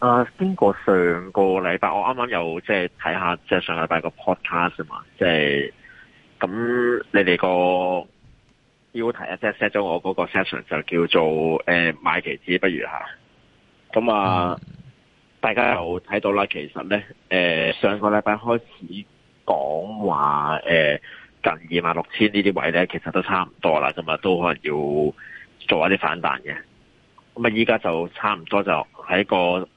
啊，經過上個禮拜，我啱啱又即係睇下，即係上禮拜個 podcast 啊嘛，即係咁你哋個標題即係 set 咗我嗰個 session 就叫做誒、呃、買期指不如吓。咁啊，大家又睇到啦，其實咧誒、呃、上個禮拜開始講話誒近二萬六千呢啲位咧，其實都差唔多啦，咁啊都可能要做一啲反彈嘅。咁啊，依家就差唔多就喺個。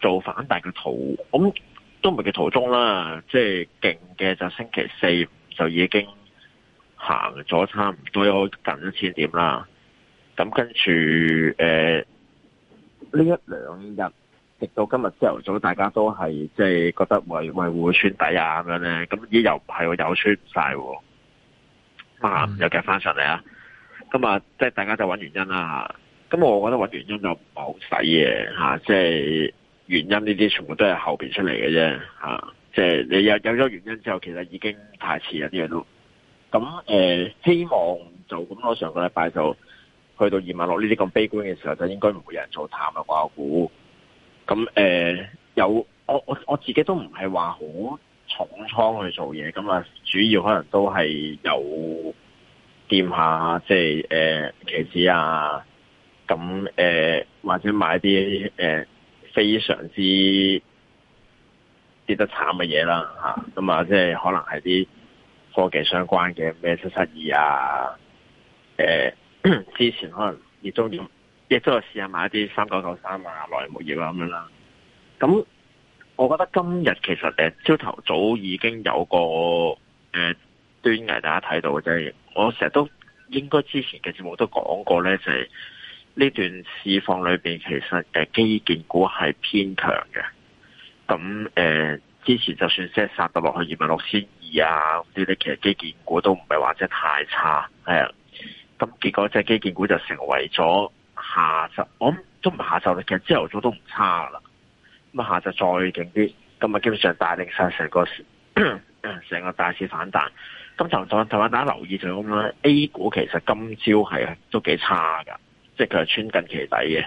做反大嘅途，咁都唔係嘅途中啦。即係勁嘅就星期四就已經行咗差唔多有近一千點啦。咁跟住誒呢一兩日，直到今日朝頭早，大家都係即係覺得為為會穿底啊，咁樣咧。咁而又唔係喎，又穿唔晒，翻又夾翻上嚟啊！咁啊，啊，啊，即係大家就揾原因啦。咁我覺得揾原因就唔好使嘅吓，即係。原因呢啲全部都係後邊出嚟嘅啫，吓，即係你有有咗原因之後，其實已經太遲一啲嘢咯。咁誒、呃，希望就咁多。上個禮拜就去到二萬六呢啲咁悲觀嘅時候，就應該唔會有人做探嘅啩估咁誒，有我我我自己都唔係話好重倉去做嘢，咁啊，主要可能都係有掂下即係誒茄子啊，咁誒、呃、或者買啲誒。呃非常之跌得慘嘅嘢啦，嚇咁啊！即係可能係啲科技相關嘅咩七七二啊，誒、啊啊啊啊啊啊啊、之前可能亦都亦都有試下買一啲三九九三啊、內鉬業咁樣啦。咁我覺得今日其實誒朝頭早已經有個誒、呃、端倪，大家睇到嘅啫。我成日都應該之前嘅節目都講過咧，就係、是。呢段市況裏邊，其實誒基建股係偏強嘅。咁誒、呃，之前就算即係殺到落去二萬六千二啊，呢啲其實基建股都唔係話真太差。誒，咁結果即係基建股就成為咗下晝，我諗都唔下晝，其實朝頭早都唔差啦。咁啊下晝再勁啲，咁啊基本上帶領晒成個成個大市反彈。咁就同同埋大家留意就咁樣，A 股其實今朝係都幾差噶。即係佢係穿近期底嘅，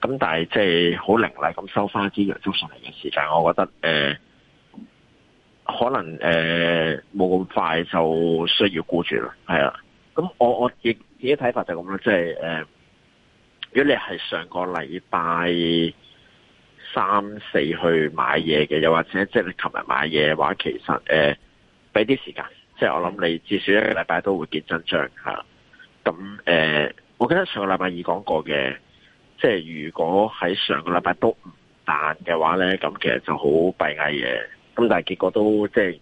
咁但係即係好凌厲咁收返支陽燭上嚟嘅時間，我覺得、呃、可能誒冇咁快就需要沽住啦。係啊，咁我我亦自己睇法就係咁啦。即係誒，如果你係上個禮拜三四去買嘢嘅，又或者即係你琴日買嘢嘅話，其實誒俾啲時間，即係我諗你至少一個禮拜都會見真章嚇。咁誒。我記得上個禮拜二講過嘅，即係如果喺上個禮拜都唔彈嘅話呢，咁其實就好閉翳嘅。咁但係結果都即係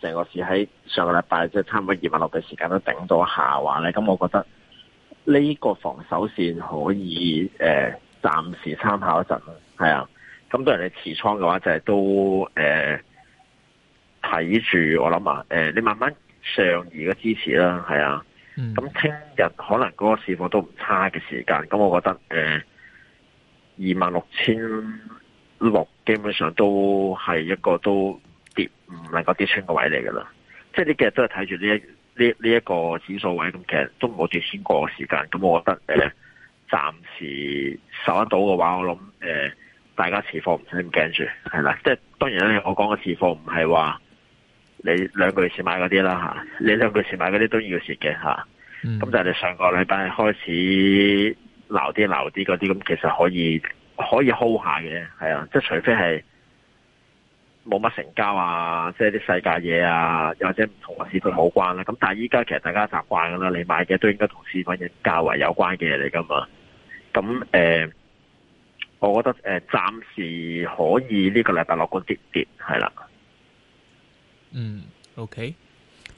成個市喺上個禮拜即係差唔多二萬六嘅時間都頂到一下話呢。咁我覺得呢個防守線可以誒、呃、暫時參考一陣啦。係啊，咁當然你持倉嘅話就係、是、都誒睇住我諗啊、呃。你慢慢上移嘅支持啦。係啊。咁聽日可能嗰個市況都唔差嘅時間，咁我覺得誒二萬六千六基本上都係一個都跌唔能夠跌穿個位嚟噶啦，即係呢幾日都係睇住呢一呢呢一個指數位，咁其實都冇跌穿過嘅時間，咁我覺得誒暫、呃、時守得到嘅話，我諗誒、呃、大家持貨唔使咁驚住係啦，即係當然咧，我講嘅持貨唔係話。你兩個月前買嗰啲啦嚇，你兩個月前買嗰啲都要蝕嘅嚇。咁就你上個禮拜開始鬧啲鬧啲嗰啲，咁其實可以可以 hold 下嘅，係啊，即係除非係冇乜成交啊，即係啲世界嘢啊，又或者唔同市況冇關啦。咁、嗯、但係依家其實大家習慣噶啦，你買嘅都應該同市況嘅價位有關嘅嘢嚟噶嘛。咁誒、呃，我覺得暫、呃、時可以呢個禮拜落個跌跌係啦。嗯，OK，OK、okay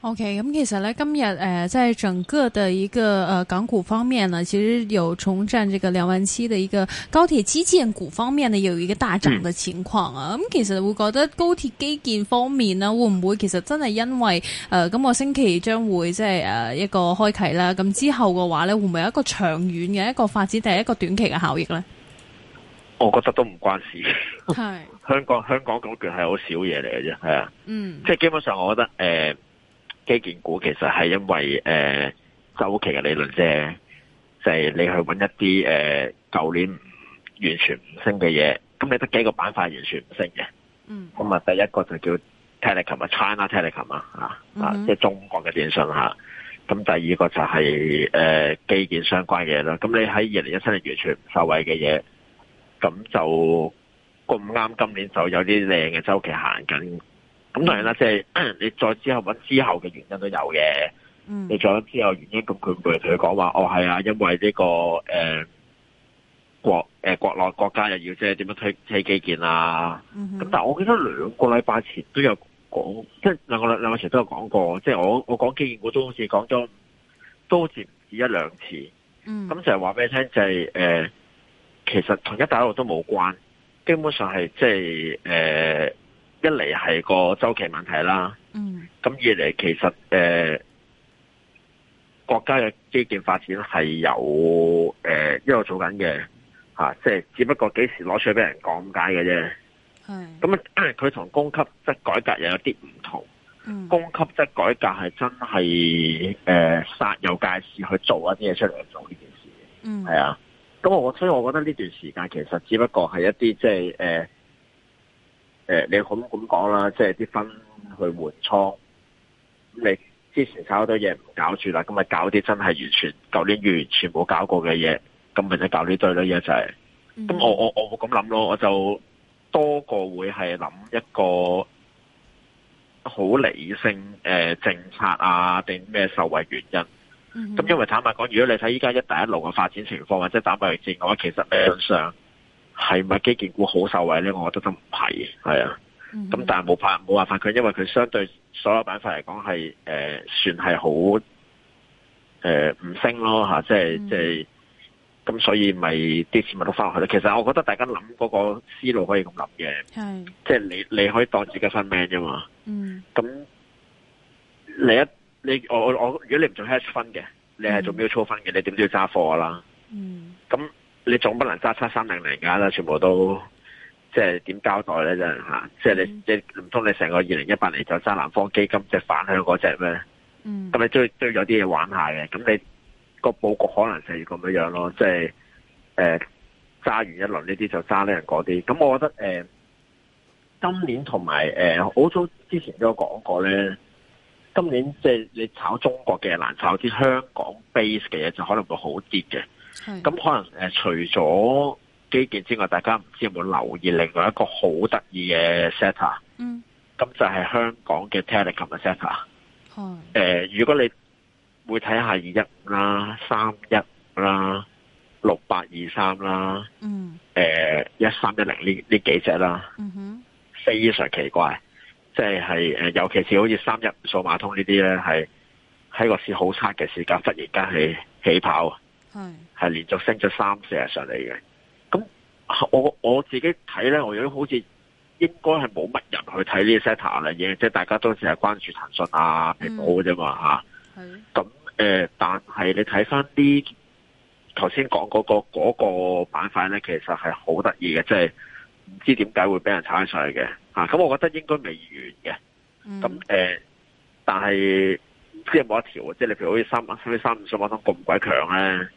okay, 咁、嗯、其實咧今日誒、呃，即係整個的一個誒、呃、港股方面呢,其實有重振這個兩萬七的一個高鐵基建股方面呢，有一個大漲的情況啊。咁、嗯嗯、其實會覺得高鐵基建方面呢，會唔會其實真係因為誒今個星期將會即係誒一個開啟啦。咁之後嘅話咧，會唔會有一個長遠嘅一個發展定係一個短期嘅效益咧？我覺得都唔關事。係香港是香港股權係好少嘢嚟嘅啫，係啊，即係、嗯、基本上我覺得誒、呃、基建股其實係因為誒、呃、周期嘅理論啫、就是，就係、是、你去搵一啲誒舊年完全唔升嘅嘢，咁你得幾個板塊完全唔升嘅。嗯，咁啊，第一個就叫 Telecom 啊，China Telecom 啊，啊，即係中國嘅電信吓。咁第二個就係、是、誒、呃、基建相關嘅嘢啦。咁你喺二零一七年完全唔受惠嘅嘢。咁就咁啱，剛剛今年就有啲靚嘅周期行緊。咁當然啦，即、就、係、是、你再之後揾之後嘅原因都有嘅。嗯、你再揾之後原因，咁佢唔同佢講話。哦，係啊，因為呢、這個誒、呃、國誒、呃、國內國家又要即係點樣推推基建啦、啊。咁、嗯、哼但係我記得兩個禮拜前都有講，即係兩個禮拜前都有講過，即係我我講基建我都好似講咗，都好似唔止一兩次。咁、嗯、就係話俾你聽，就係、是、誒。呃其實同一大陸都冇關，基本上係即係誒、呃，一嚟係個周期問題啦。嗯。咁二嚟其實誒、呃，國家嘅基建發展係有誒一路做緊嘅，吓、啊、即係只不過幾時攞出去俾人講解嘅啫。係是。咁佢同供給側改革又有啲唔同。嗯。供給側改革係真係誒，呃、煞有介事去做一啲嘢出嚟做呢件事。係、嗯、啊。咁我所以，我覺得呢段時間其實只不過係一啲即係誒誒你好咁講啦？即係啲分去換倉，咁你之前搞好多嘢唔搞住啦，咁咪搞啲真係完全舊年完全冇搞過嘅嘢，咁咪就搞呢堆咯，就係，一齊。咁我我我冇咁諗咯，我就多過會係諗一個好理性誒政策啊，定咩受惠原因。咁、嗯、因為坦白講，如果你睇依家一帶一路嘅發展情況，或者打貿易戰嘅話，我其實理論上係咪基建股好受惠咧？我覺得都唔係係啊。咁、嗯、哼但係冇法冇辦法，佢因為佢相對所有板塊嚟講係誒，算係好誒唔升咯吓、啊，即係即係咁，所以咪啲錢咪都翻落去咯。其實我覺得大家諗嗰個思路可以咁諗嘅，的即係你你可以當自己新命啫嘛。咁、嗯嗯、你一。你我我，如果你唔做 hedge fund 嘅，你係做 mutual fund 嘅，你點都要揸貨啦。嗯。咁你總不能揸七三零零噶啦，全部都即係點交代咧？真吓，即係你即係唔通你成個二零一八年就揸南方基金即係反向嗰隻咩？咁、mm. 你追追咗啲嘢玩下嘅，咁你個布局可能就係咁樣樣咯。即係誒揸完一輪呢啲就揸呢人嗰啲。咁我覺得誒、呃、今年同埋誒好早之前都有講過咧。今年即係、就是、你炒中國嘅難炒啲香港 base 嘅嘢，就可能會好啲嘅。咁的可能誒、呃、除咗基建之外，大家唔知有冇留意另外一個好得意嘅 sector？嗯。咁就係香港嘅 telecom 嘅 sector。哦的。誒、呃，如果你會睇下二一五啦、三一五啦、六八二三啦。嗯。誒、呃，一三一零呢呢幾隻啦。嗯哼。非常奇怪。即係誒，尤其是好似三一，數碼通呢啲咧，係喺個市好差嘅時間，忽然間係起跑啊！係係連續升咗三四日上嚟嘅。咁我我自己睇咧，我有啲好似應該係冇乜人去睇呢 set 啊嘅嘢，即係大家都淨係關注騰訊啊、蘋果嘅啫嘛吓。咁誒，但係你睇翻啲頭先講嗰個嗰個板塊咧，其實係好得意嘅，即係唔知點解會俾人炒起上嚟嘅。啊，咁我覺得應該未完嘅，咁、嗯、但係即係冇一條即係、就是、你譬如好似三，三五十蚊，東咁鬼強咧，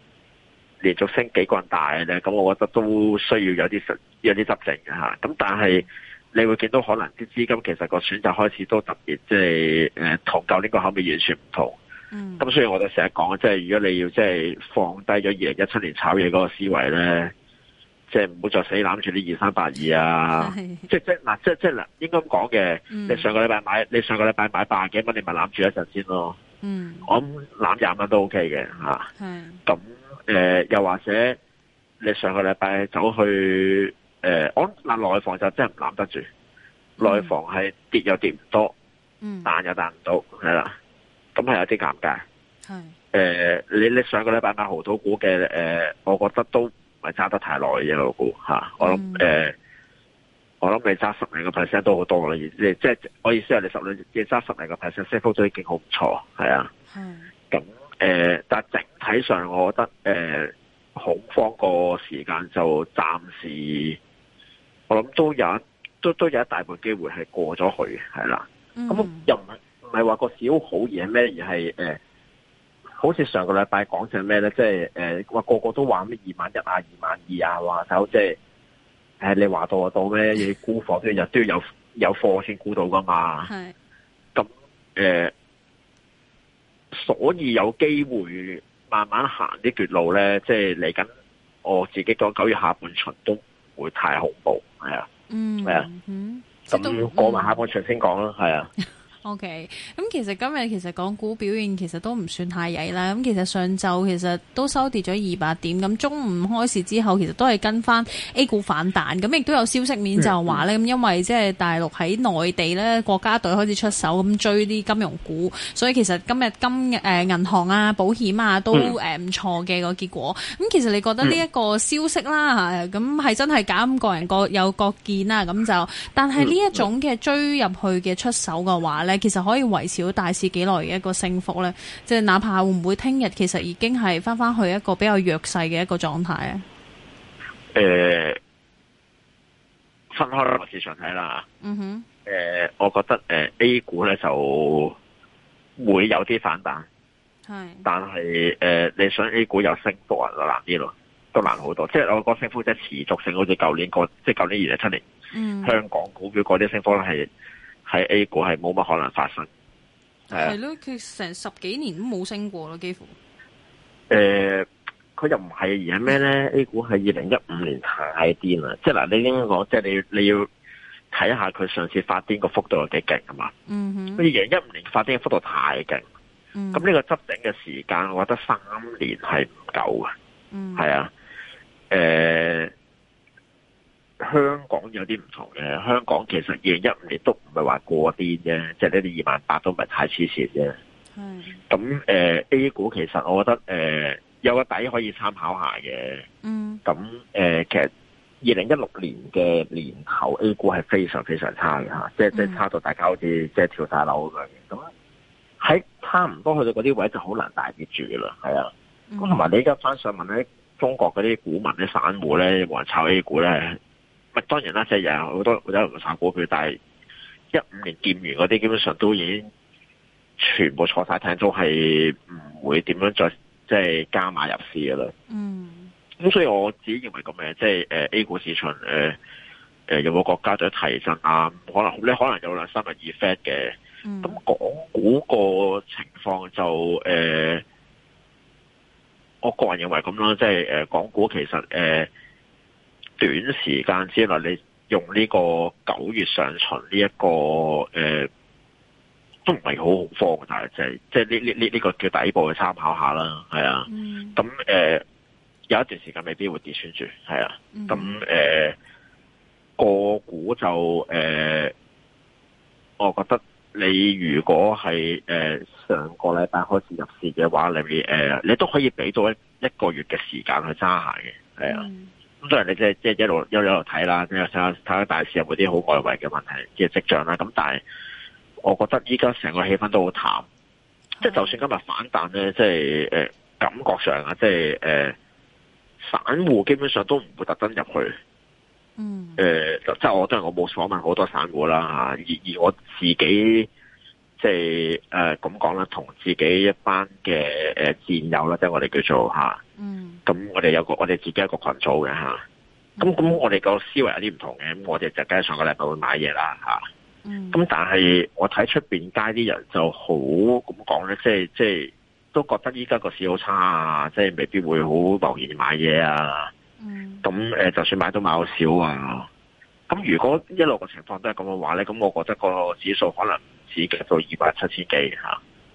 連續升幾棍大咧，咁我覺得都需要有啲有啲執正嘅嚇。咁、啊、但係你會見到可能啲資金其實個選擇開始都特別，即係同舊年個口味完全唔同。咁、嗯、所以我都成日講，即、就、係、是、如果你要即係放低咗二零一七年炒嘢嗰個思維咧。即係唔好再死攬住呢二三八二啊！是即係即係嗱，即係即係應該咁講嘅。嗯、你上個禮拜買，你上個禮拜買百幾蚊，你咪攬住一陣先咯。嗯，我諗攬廿蚊都 OK 嘅吓。咁誒是、啊呃，又或者你上個禮拜走去誒、呃，我諗嗱內、呃、房就真係唔攬得住。內、嗯、房係跌又跌唔多，嗯，彈又彈唔到，係啦，咁係有啲尷尬。係誒是、呃，你你上個禮拜買豪土股嘅誒，我覺得都。唔係揸得太耐嘢咯，我估吓，我諗誒、mm. 呃，我諗你揸十零個 percent 都好多啦，即即係，我意思係你十零揸十零個 percent，都已經好唔錯，係啊，咁誒、mm. 呃，但係整體上，我覺得誒、呃、恐慌個時間就暫時，我諗都有一都都有一大半機會係過咗去，係啦，咁又唔係唔係話個小好嘢咩？而係誒。呃好似上個禮拜講成咩咧，即係誒，話、呃、個個都話咩二萬一啊，二萬二啊，話就即係誒，你話到到咩？要沽貨都要，都要有有貨先估到噶嘛。係咁誒，所以有機會慢慢行啲絕路咧，即係嚟緊，我自己講九月下半旬都唔會太恐怖，係啊，嗯啊嗯，嗯，係啊那，咁都過埋下半旬先講啦，係、嗯、啊。O.K. 咁其實今日其實港股表現其實都唔算太曳啦。咁其實上晝其實都收跌咗二百點。咁中午開市之後，其實都係跟翻 A 股反彈。咁亦都有消息面、嗯、就話呢，咁因為即係大陸喺內地呢國家隊開始出手咁追啲金融股，所以其實今日金誒銀行啊、保險啊都誒唔、嗯嗯、錯嘅個結果。咁其實你覺得呢一個消息啦咁係、嗯啊、真係搞唔個人各有各見啦。咁就但係呢一種嘅追入去嘅出手嘅話呢。其實可以維持到大市幾耐嘅一個升幅咧？即係哪怕會唔會聽日，其實已經係翻翻去一個比較弱勢嘅一個狀態咧？誒、呃，分開兩個市場睇啦。嗯哼。誒、呃，我覺得誒、呃、A 股咧，就會有啲反彈。係是。但係誒、呃，你想 A 股有升幅啊，就難啲咯，都難好多。即係我講升幅即係持續性，好似舊年過，即係舊年二零一七年、嗯、香港股票嗰啲升幅咧係。喺 A 股係冇乜可能發生，係咯、啊？佢成十幾年都冇升過咯，幾乎。誒、呃，佢又唔係而係咩咧？A 股係二零一五年太癲啦！即係嗱，你應該講，即、就、係、是、你你要睇下佢上次發癲個幅度有幾勁啊嘛！嗯哼，二零一五年發癲嘅幅度太勁，咁呢、嗯、哼個執頂嘅時間，我覺得三年係唔夠嘅，係、嗯、哼啊，誒、呃。香港有啲唔同嘅，香港其實二零一五年都唔係話過癲啫，即係咧，二萬八都唔係太黐線啫。咁，誒、呃、，A 股其實我覺得誒、呃、有個底可以參考下嘅。咁誒、嗯呃，其實二零一六年嘅年頭 A 股係非常非常差嘅吓，即係即係差到大家好似即係跳大樓咁樣。咁喺、嗯、差唔多去到嗰啲位就好難大跌住啦。係啊。咁同埋你而家翻上問咧，中國嗰啲股民咧、散戶咧，還炒 A 股咧？咪當然啦，成日好多都有人炒股票，但係一五年見完嗰啲，基本上都已經全部坐晒艇中，都係唔會點樣再即係加碼入市嘅啦。嗯。咁所以我自己認為咁嘅，即係誒 A 股市場誒誒、呃呃、有冇國家隊提振啊？可能咧，可能有兩三日 effect 嘅。咁、嗯、港股個情況就誒、呃，我個人認為咁啦，即係誒港股其實誒。呃短時間之內，你用呢個九月上旬呢一個誒、呃，都唔係好恐慌嘅，但係就係即係呢呢呢呢個叫底部去參考下啦，係啊。咁誒、嗯呃，有一段時間未必會跌穿住，係啊。咁誒、嗯呃，個股就誒、呃，我覺得你如果係誒、呃、上個禮拜開始入市嘅話，你誒、呃，你都可以俾到一一個月嘅時間去揸下嘅，係啊。嗯咁所以你即係即係一路一路一路睇啦，即係睇下睇下大市有冇啲好外圍嘅問題嘅跡象啦。咁但係我覺得依家成個氣氛都好淡，即係、啊、就算今日反彈咧，即係誒感覺上啊，即係誒散戶基本上都唔會特登入去。嗯。誒、呃，即係我都係我冇訪問好多散戶啦吓，而而我自己。即係誒咁講啦，同、呃、自己一班嘅誒戰友啦，即係我哋叫做吓，咁、啊嗯、我哋有個我哋自己一個群組嘅吓，咁、啊、咁我哋個思維有啲唔同嘅，咁我哋就梗係上個禮拜會買嘢啦吓，咁、啊嗯、但係我睇出面街啲人就好，咁講咧，即係即係都覺得依家個市好差啊，即係未必會好茫然買嘢啊，咁誒、嗯、就算買都買好少啊。咁如果一路嘅情況都係咁嘅話咧，咁我覺得個指數可能只跌到二百七千幾、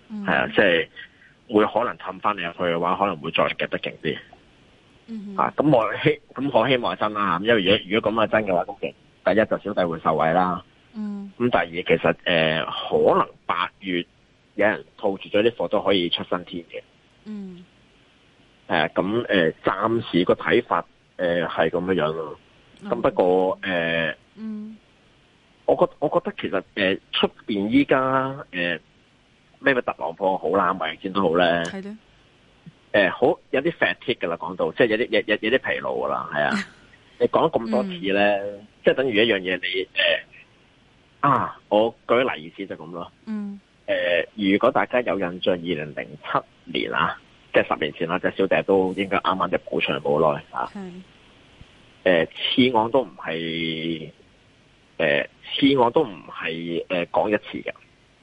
嗯、哼啊，即、就、係、是、會可能氹翻你入去嘅話，可能會再夾得勁啲。嗯、哼啊，咁我希咁我希望係真啦。因為如果如果咁係真嘅話，咁第一就小弟會受惠啦。嗯。咁第二其實、呃、可能八月有人套住咗啲貨都可以出新天嘅。嗯。咁、啊呃、暫時個睇法係咁、呃、樣咯、啊。咁、嗯、不過誒，我覺我覺得其實誒出邊依家誒咩咩特朗普好啦，唔係先都好咧。係誒的、呃、好有啲 fatigue 㗎喇，講噶啦。講到即係有啲有有有啲疲勞噶啦，係啊。你講咁多次咧，即係等於一樣嘢。你誒啊，我舉例意思就咁咯。嗯。誒、呃，如果大家有印象，二零零七年啊，即係十年前啦、啊，只、就是、小弟都應該啱啱入股場好耐誒、呃，次按都唔係，誒、呃，次按都唔係，誒、呃，講一次嘅。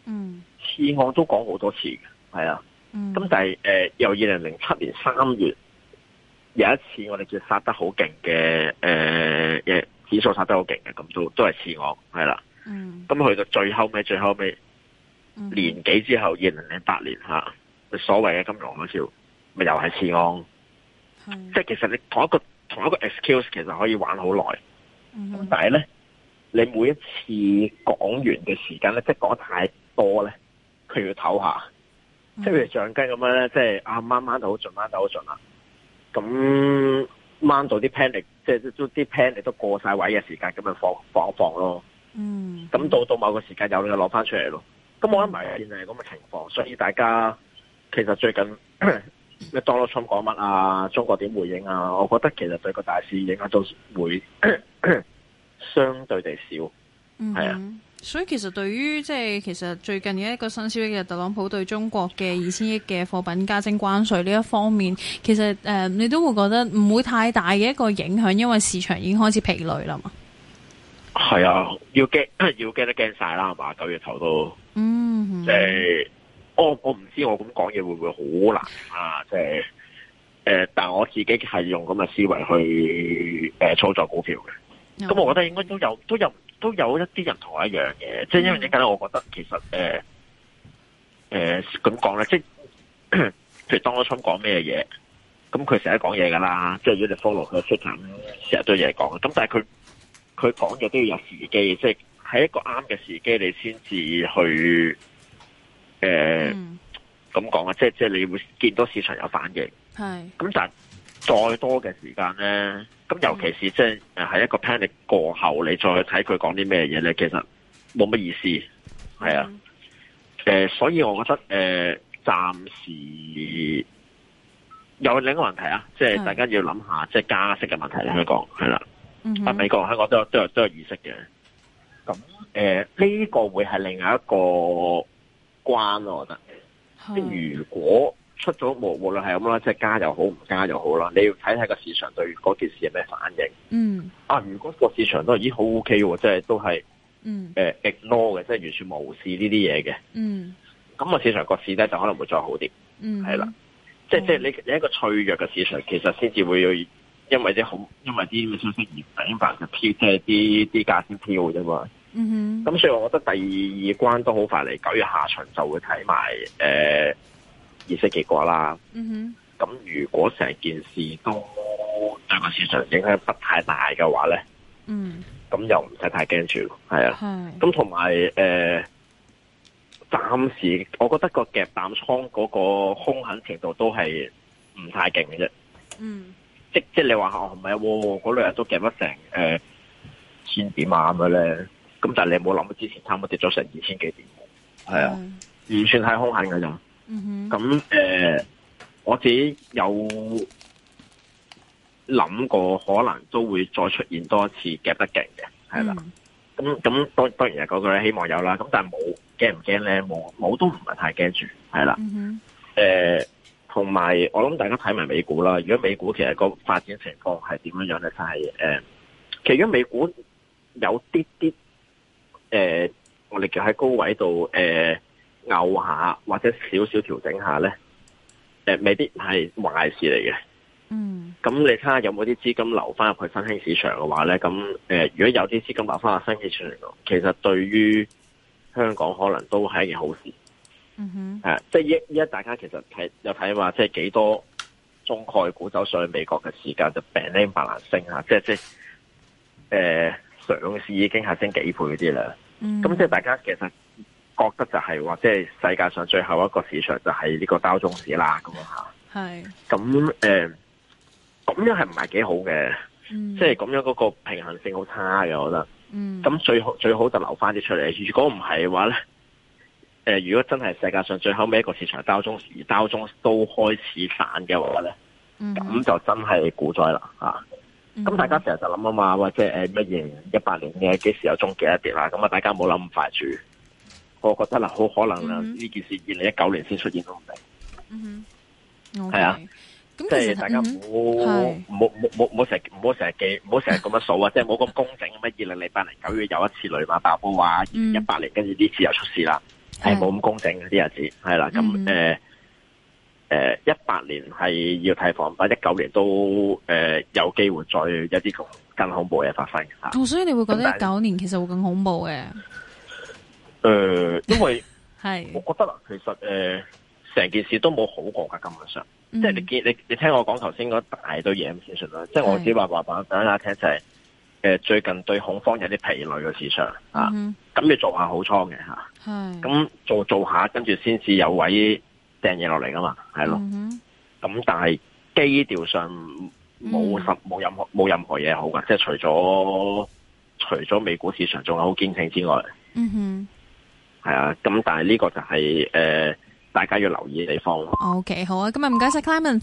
嗯，次按都講好多次嘅，係啊。咁、嗯、但係，誒、呃，由二零零七年三月，有一次我哋叫殺得好勁嘅，誒，誒，指數殺得好勁嘅，咁都都係次按，係啦。咁去到最後尾，最後尾年幾之後，二零零八年吓、啊，所謂嘅金融海嘯，咪又係次按。的即係其實你講一個。同一個 excuse 其實可以玩好耐，mm hmm. 但係咧，你每一次講完嘅時間咧，即係講太多咧，佢要唞下，即係譬如橡筋咁樣咧，即係啊，掹掹到好盡，掹就好盡啦，咁掹到啲 panic 即係都啲 panic 都過曬位嘅時間，咁咪放放一放咯，嗯、mm，咁、hmm. 到到某個時間又就攞翻出嚟咯，咁我諗埋唔係原咁嘅情況，所以大家其實最近。.咩 Donald Trump 講乜啊？中國點回應啊？我覺得其實對個大市影響都會 相對地少，係、嗯、哼啊。所以其實對於即係其實最近嘅一個新消息，就特朗普對中國嘅二千億嘅貨品加徵關稅呢一方面，其實誒、呃、你都會覺得唔會太大嘅一個影響，因為市場已經開始疲累啦嘛。係啊、嗯，要驚要驚都驚晒啦，係嘛？九月頭都，嗯哼，即係。我我唔知我咁講嘢會唔會好難啊！即係呃，但係我自己係用咁嘅思維去呃操作股票嘅。咁 Yes. 我覺得應該都有都有都有一啲人同我一樣嘅。即係因為點解咧？我覺得其實誒咁講咧，即係當我聰講咩嘢，咁佢成日講嘢㗎啦，即係如果你 follow 佢出嚟，成日都有嘢講。咁但係佢佢講嘢都要有時機，即係喺一個啱嘅時機，你先至去。誒，咁講啊，即係即係你會見到市場有反應，係咁是但係再多嘅時間咧，咁尤其是即係喺一個 panic 過後，你再睇佢講啲咩嘢咧，其實冇乜意思，係啊，誒、嗯呃，所以我覺得誒，暫、呃、時有另一個問題啊，即係大家要諗下，是即係加息嘅問題，香港係啦，啊，嗯、哼但美國、香港都有都有都有意識嘅，咁誒，呢、呃這個會係另外一個。關咯，我覺得即係是如果出咗無無論係咁啦，即係加又好唔加又好啦，你要睇睇個市場對嗰件事有咩反應。嗯，啊，如果個市場都已經好 O K 喎，即係都係，誒、呃、ignore 嘅，即、就、係、是、完全無視呢啲嘢嘅。嗯，咁啊，市場個市咧就可能會再好啲。嗯，係啦，即係即係你你一個脆弱嘅市場，其實先至會因為啲好因為啲咁嘅消息而反白，就嘅，跳即係啲啲價先跳啫嘛。嗯咁、mm hmm. 所以我覺得第二關都好快嚟，九月下旬就會睇埋誒，議、呃、息結果啦。嗯咁、mm hmm. 如果成件事都對個市場影響不太大嘅話咧，嗯、mm，咁、hmm. 又唔使太驚住，係啊，係、mm。咁同埋誒，暫、呃、時我覺得個夾淡倉嗰個凶狠程度都係唔太勁嘅啫。嗯、mm hmm.，即即你話哦唔係喎，嗰兩日都夾唔成誒、呃、千幾萬嘅咧。咁但係你冇諗之前，差唔多跌咗成二千幾點，係啊，完全係兇狠嘅啫。咁，誒、嗯哼呃，我自己有諗過，可能都會再出現多一次夾得勁嘅，係啦。咁咁、嗯，當然係嗰句希望有啦。咁但係冇驚唔驚咧？冇冇都唔係太驚住，係啦。同埋、嗯哼呃、我諗大家睇埋美股啦。如果美股其實個發展情況係點樣樣咧？就係、是呃、其實如果美股有啲啲。誒、呃，我哋叫喺高位度，誒、唞、呃、下或者少少調整下咧，誒、呃、未必係壞事嚟嘅。嗯，咁你睇下有冇啲資金流翻入去新興市場嘅話咧，咁誒、呃，如果有啲資金流翻入新興市場話，其實對於香港可能都係一件好事。嗯哼，係、啊，即係依家大家其實睇有睇話，即係幾多中概股走上去美國嘅時間就 bling bling 聲，啊！即係即係誒。呃上市已經係升幾倍啲啦，咁即係大家其實覺得就係話，即係世界上最後一個市場就係呢個 d 中市啦咁啊吓。係是。咁誒，咁、呃、樣係唔係幾好嘅？即係咁樣嗰個平衡性好差嘅，我覺得。咁、mm hmm. 最好最好就留翻啲出嚟。如果唔係嘅話咧，誒、呃，如果真係世界上最後尾一個市場 d o 中市而 o 中市都開始散嘅話咧，咁、mm hmm. 就真係股災啦，吓。咁、嗯、大家成日就諗啊嘛，或者誒乜嘢一八年嘅幾時有終結一啲啦？咁啊，大家冇諗咁快住。我覺得啦，好可能、嗯 okay. 啊，呢件事二零一九年先出現都唔定。係啊。即係大家冇冇冇冇冇成日冇成日記冇成日咁樣數啊！的即係冇咁工整咩，二零零八年九月有一次雷曼爆煲啊，一八、嗯、年跟住呢次又出事啦，係冇咁工整啲日子係啦。咁誒。嗯哼誒，一八、呃、年係要提防，但一九年都誒有機會再有啲更恐怖嘅發生嘅吓，所以你會覺得一九年其實會更恐怖嘅。誒、呃，因為係，我覺得啦 是其實誒成件事都冇好過噶根本上，嗯、即係你見你你聽我講頭先嗰大堆嘢咁先算啦。即係我只話話俾大家聽就係、是、誒、呃、最近對恐慌有啲疲累嘅市場、嗯、哼啊，咁要做下好倉嘅吓，咁、啊、是做做下跟住先至有位。掟嘢落嚟啊嘛，係咯、mm，咁、hmm. 但係基調上冇乜冇任何冇任何嘢好嘅，mm hmm. 即係除咗除咗美股市場仲有好堅挺之外，嗯哼、mm，係、hmm. 啊，咁但係呢個就係、是、誒、呃、大家要留意嘅地方咯。O、okay, K，好啊，咁啊唔該晒 Clayman，thank。